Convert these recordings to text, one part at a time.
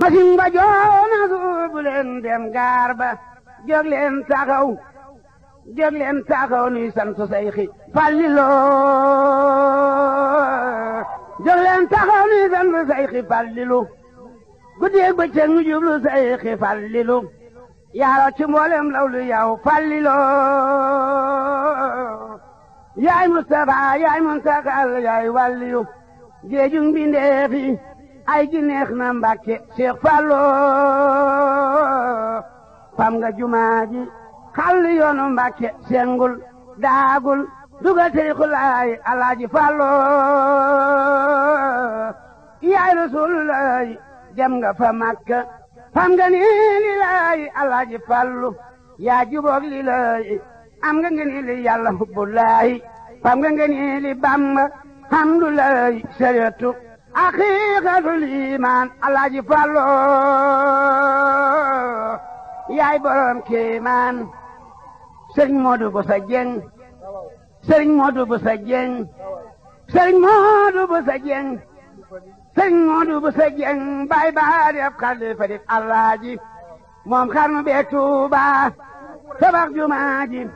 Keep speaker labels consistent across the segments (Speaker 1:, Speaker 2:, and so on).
Speaker 1: masin ba joona suubu leen dem gaar ba jóg leen taxaw jóg leen taxaw nuy sant sayxi Fàllilu jóg leen taxaw nuy sant sayxi Fàllilu guddeeg bëccëg nu jublu sayxi Fàllilu yaaro ci mboolem lawlu yow Fàllilu yaay Mustafa yaay Muntakal yaay wàlliyu géejug mbindeef yi ay ji na mbàkke Seex Fallu fam nga jumaa ji xàll yoonu mbàkke sengul daagul dugal tariku laay alaaji Fallu yaay rasulullaay dem nga fa Makka fam nga ni laay alaaji Fallu yaa juboog li laay am nga nga ni li yàlla fam nga nga ni li Bàmba hamdulaay sareetu aqiqatul iman alaaji Fallu yaay borom kéemaan sëriñ Modou Bousso Dieng sëriñ Modou Bousso Dieng sëriñ Modou Bousso Dieng bay ba def xalifa def moom xarnu bee Tuuba tabax jumaa ji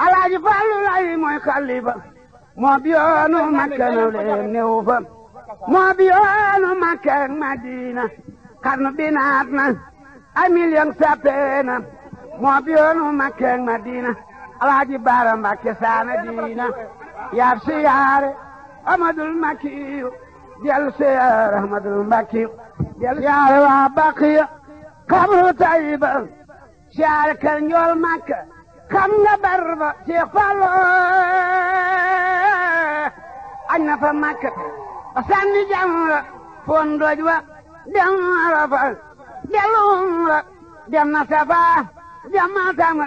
Speaker 1: lay mooy xalifa moo biyoonu makka naw leen néew moo bi yoonu Makka ak Madina ay million sappee moo bi yoonu Makka ak Madina Alaaji Baara saana diina yaab siyaare Amadul Makkiyu jël siyaare Amadul Makkiyu jël siyaare waa Baqiya xabru Tayiba siyaare kër njool Makka xam nga barba Seex Fallu añ na fa Makka sànni jam la fon doj wa dem Arafa delum la dem na Safa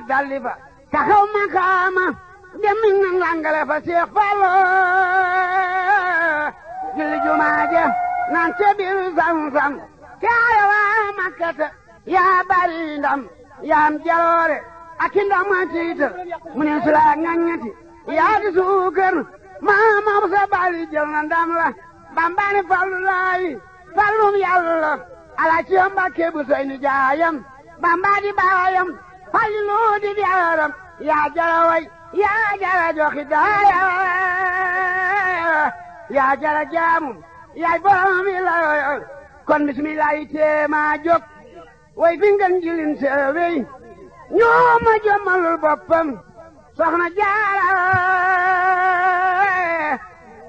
Speaker 1: dalli fa taxaw makaama dem na langale fa Seex Fallu julli jumaa ja naan ca biir kaaya waa Makkata yaa bari ndam yaam jaloore ak ndam a mu ne su laa suukar maa moom sa jël na ndam la bambani fallu laayi fallum yàlla alaci yam mbàkke bu jaayam bamba di baayam fallilu di jaaram yaa jara way yaa jara joxi daaya yaa jara jaamu yaay borom kon bismillahi teema jóg way fi jilin seewey ñoo ma boppam soxna jaara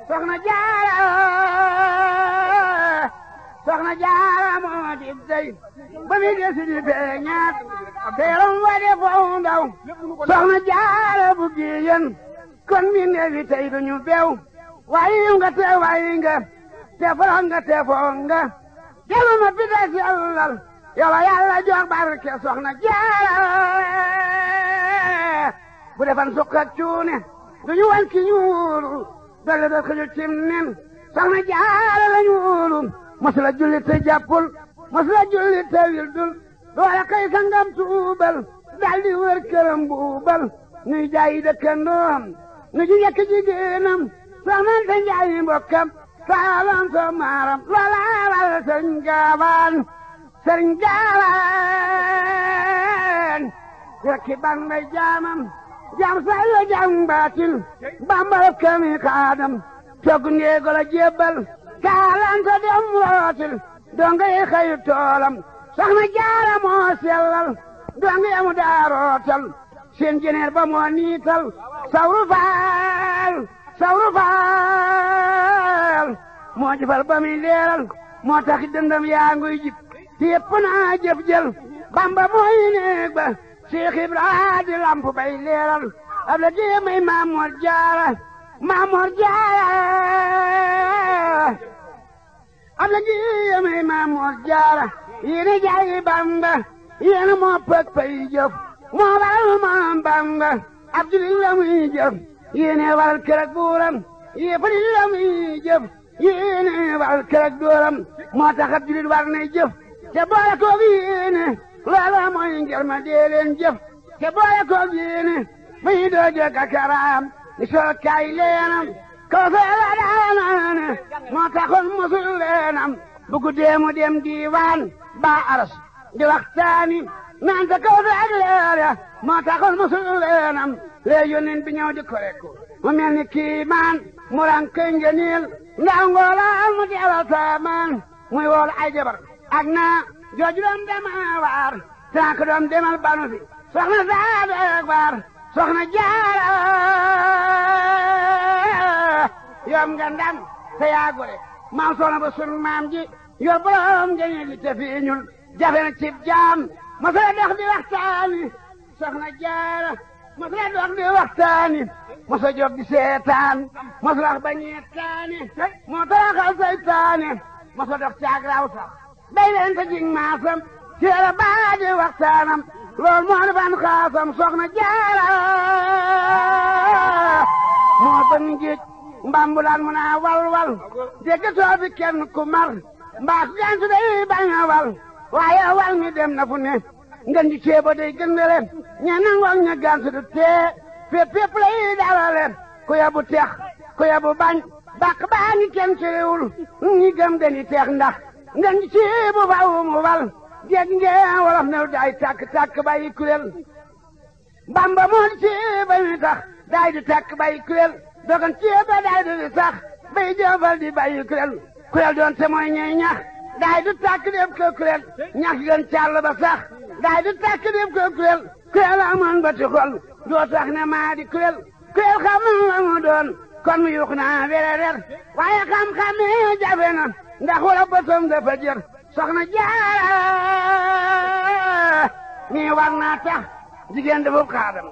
Speaker 1: soxna jaara soxna jaara moo di dey ba mi desi di feeñaat teeram wa de foo ndaw soxna jaara bu giyen kon mi neefi tey duñu bew wayi nga te wayi nga te forox nga te foo nga delu ma bidas yàllal yàlla yàlla jox barke jaara bu defan sukkat cuune duñu wan ki ñuul dolle dal ko jël cim nen soxna jaara lañu wóolu mos julli te jàppul mos julli te wildul doole kay sangam tuubal daal di wër këram buubal nuy jaayi dëkkandoom nu ji njëkk jigéenam soxna te njaayi mbokkam saalam so maaram wal sëriñ gaawaan sëriñ gaawaan yokki jaamam jam say la jam baatin bambal kami kaadam cog ngeegola jébbal kaalanta dem rootil donga yi xayu toolam soxna jaara moo sellal donga yamu daa rootal seen ba moo niital sawru faal sawru faal moo jëfal ba muy leeral moo tax dëndam yaa nguy jib ti jëf jël bamba mooy ba Cheikh Ibra di lamp bay leeral ab la jéemay Maamoor Jaara Maamoor Jaara ab la jéemay Maamoor Jaara yéen jaayi Bamba yéen a moo pëg pay jëf moo waral moom Bamba ab jullit la muy jëf yéen a waral kër buuram yéen fa la muy jëf yéen a waral kër ak moo tax ab war nay jëf te boole koog yéen loola mooy njërma dee leen jëf te boole koog yéene ba ñu doo jëkk a karaam ni soo kaay leenam kooku la daanaane moo taxoon mosul leenam bu guddee mu dem diiwaan baa aras di waxtaani naan ta kooku ak leer lee yónneen bi ñëw di ko rekku mu mel ni kiimaan mu ranke njëniil nga ngoolaan mu di alal taamaan muy wool ay jabar ak naa jooju doom dema waar tànk doom demal banu fi soxna saadek waar soxna jaara yoom nga te yaa gore maam soxna ba sun maam ji yor borom nga ñu te fii jafe na cib jaam masala dox di waxtaani soxna jaara masala dox di waxtaani masa jóg di seetaan masala wax ba ñeetaani moo taraxal saytaani masa dox caag raw sax day leen te jig maasam teel a baaji waxtaanam lool moo di ban xaasam soxna jaara moo bëgg njiit mbambulaan mu naa wal wal dégg soo fi kenn ku mar mbaa ku gantu day bañ a wal waaye wal mi dem na fu ne ngën di ceeba day gëndale ña nangoog ña gantu du tee fépp fépp lay dalale ku yabu tex ku yabu bañ bàq baa ngi kenn ciriwul ñi gëm dañuy teex ndax ngeen ci bu faw mu wal géej ngeen wolof new daay tàkk-tàkk bàyyi kuréel bamba moo di ci bay mi tax daay di tàkk bàyyi kuréel dogan ci ba daay di sax bay jëfal di bàyyi kuréel kuréel doon te mooy daay di tàkk dépp ko kuréel ñax gën càll ba sax daay di tàkk dépp ko kuréel kuréel amoon ba ti xol doo tax ne maa di kuréel kuréel xam na mu doon kon mu yuux naa wéréréer waaye xam-xam jafe na ndax wala bëtam dafa jër soxna jaara mi war naa tax jigéen dafa xaadam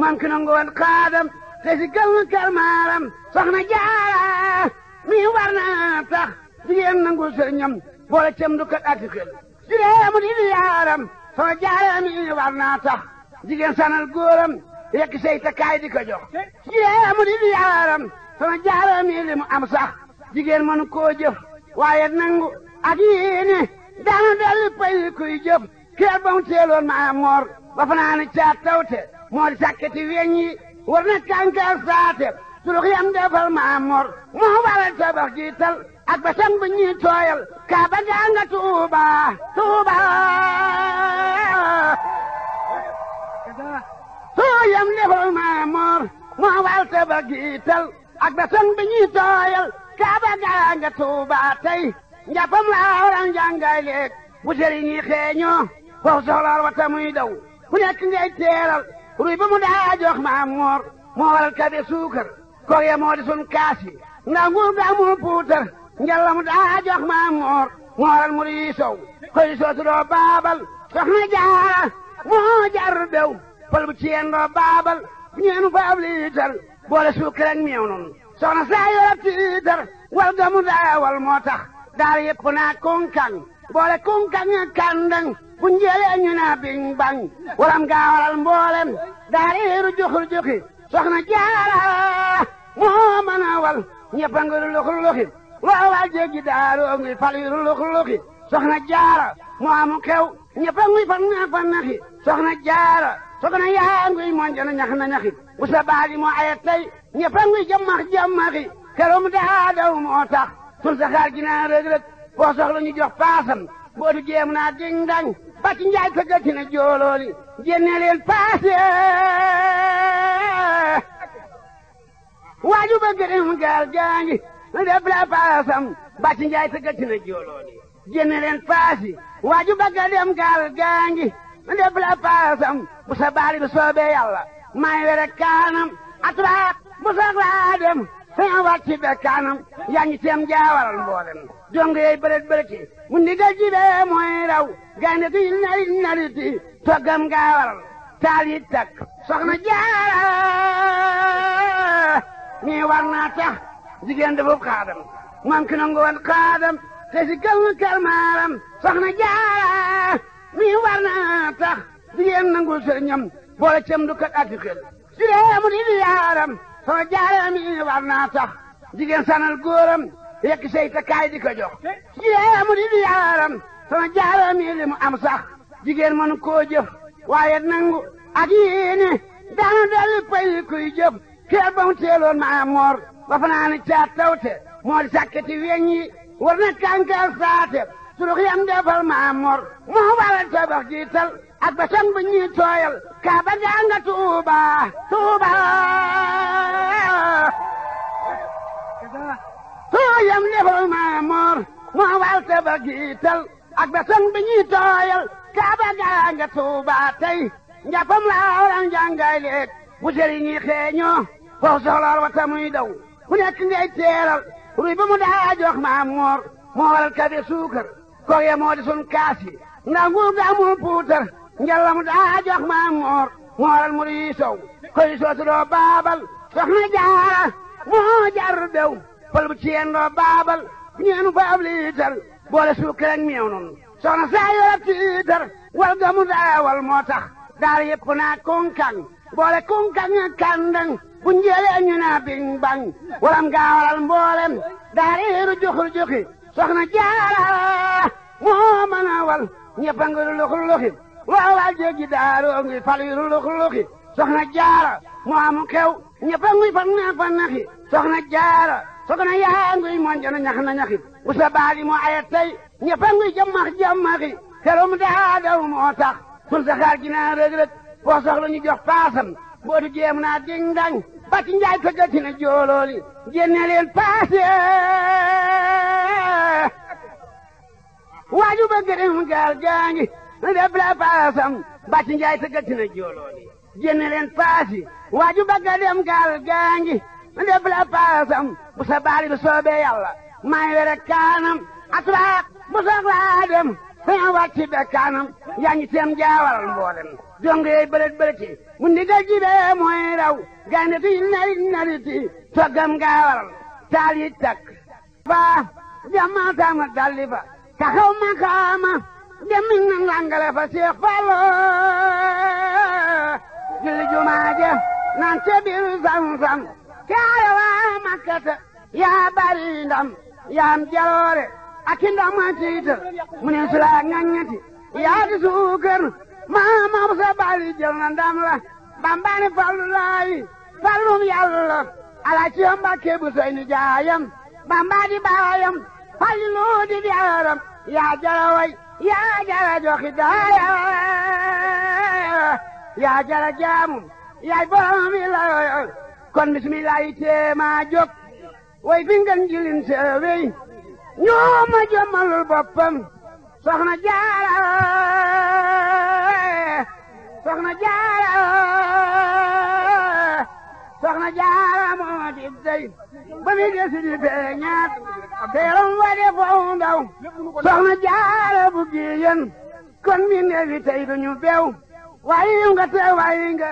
Speaker 1: man ki nangu woon xaadam te si gël kal maaram soxna jaara mi war naa tax jigéen nangu sëriñam boole cem du kat ak xel jigéen mu di yaaram soxna jaara mi war naa tax jigéen sanal góoram yekk say takkaay di ko jox mu di yaaram soxna jaara mi li mu am sax jigéen mënu koo jëf waaye nangu ak yéene daanu dal pay kuy jëf keer ba mu maa moor ba fanaane caat moo di sakkati weñ yi war na kànkaar saate surux yam defal maa moor moo waral tabax jiital ak ba sam kaa ba gaa tuuba tuuba surux yam defal maa moor moo waral tabax jiital ak ba sam kaaba gaa nga tuuba tey laa waral njàngaay léeg bu sëriñ yi soxlaar wa tamuy ku nekk ngay teeral ruy ba mu daa jox maam moor moo waral kabe suukar koog ya moo sun kaas yi nguur daa puutar njalla mu daa jox maam moor moo waral mu rii sow koy sootu doo baabal soxna jaara moo jar pal bu ciyeen doo baabal ñeenu faab liitar boole suukar ak meew noonu soxna saa yore tiitar wal gamu daawal moo tax daara yëpp naa kunkang boole kunkang ak kàndang bu njëlee ñu naa biñ bañ waram gaa waral mboolem daara yeeru joxul joxi soxna jaara moo mën a wal ñëpp a ngi luxul luxi loo wal daaru ngi fal yu luxul soxna jaara moo amu xew ñëpp a ngi fan naa fan soxna jaara soxna yaa ngi moñ na ñax na ñaxi bu sa baaji moo ayet tey ñëppa ngi jamax-jamaxi keroom daa daw moo tax sun saxaar gi naa ñu jox paasam boo du naa ding dañ njaay ko gati na joolooli génne leen paase waaju ba gërëm gaal gaa ngi la paasam ba njaay ko gati na leen paasi waaju ba gërëm gaal gaa ngi la paasam bu sa bi soobee yàlla maay were kaanam atraat bu sax laa dem saña wàcc ci bekkaanam yaa ngi teem jaawaral mboolem yey bërët bërëti mu ndigal ji bee mooy raw gaynde ti narit nariti toggam gaawaral taal yi takk soxna jaara mii war naa tax jigéen dafub xaadam moom ki nangu woon xaadam te si gël kalmaaram soxna jaara mii war naa tax jigéen nangul sëriñam boole cem du kat ak xel si dee mu di di yaaram soo jaareem yi war naa tax jigéen sanal góoram yekk sey di ko jox jigéen mu di di yaaram sama jaareem yi li mu am sax jigéen mënu jëf waaye nangu ak yéene daanu dellu pay yi jëf teel ba mu teeloon maa moor ba fanaan caa tawte moo di sàkkati weñ war na kànkaal saate surux yam defal maa moor moo waral tabax jiital ak basang bu ñuy tooyal kaaba gaa nga tuuba tuuba tooyam lefal maamoor moo wal ba giital ak basang bu ñuy tooyal kaaba gaa nga tuuba tey njàppam laa waran jàngay leeg bu sëriñ yi xeeñoo wa tamuy daw ku nekk ngay teeral ruy ba mu daa jox maamoor moo waral kabe suukar kooge moo di sun kaasi nga nguur gaa puutar njalla mu daa jox maam moor mooral mu rii sow koy sootudoo baabal soxna jaara moo jar dew pal bu ciyendoo baabal ñeenu fa ab liitar boole suukar ak soxna saa yor tiitar wal ga mu daawal moo tax daal yëpp naa kunkan boole kunkan ak kandang bu ñu naa bing walam gaa waral mboolem daal iiru juxur juxi soxna jaara moo mën wal ñëpp a ngi luxi waaw waaw jéggi daaroo ngi fal yu luxluxi soxna jaara mu am xew ñëpp a ngi fa soxna jaara soxna yaa ngi moon jana ñax na ñaxi bu tey ñëpp a ngi jàmmax jàmmaxi moo tax sun saxaar gi naa rëg rëg boo soxla ñu jox paasam boo di naa ding dang njaay ko na joolooli génne paase waaju bëgg dem gaal gaangi nu def la paasam bàcc njaay tëggati na jooloon yi génne leen paasi waaju bagga gaal gaangi nu def la paasam bu sa baali bi were kaanam atraak bu soxlaa dem saña kaanam yaa ngi teem mboolem dong yey bëlët bëlëti mu ndigal ji bee raw gaynde ti narit nariti toggam gaawaral taal yi takk baa fa taxaw makaama demmin nan langale fa Seex Fallu julli jumaaje nan ca biir Zamzam waa Makkata yaa bari ndam yaam jaloore ak ndam ma tiital mu ne sulaa ngañati yaa di suukar maa moom sa bari na ndam la bambani Fallu laayi Fallum Yàlla ala ci yom Mbakke bu jaayam bamba di baayam Fallu di di yaa jalaway yaa jara joxi daaya yaa jara jaamum la kon bismillah teema jóg way fi ngeen seewey ñoo ma jëmmalul boppam soxna jaara soxna jaara ba mi desi di feeñaat te yaram wa de foofu ndaw soxna jaara bu jigéen kon mi ne fi tey duñu beew waaye nga te waaye nga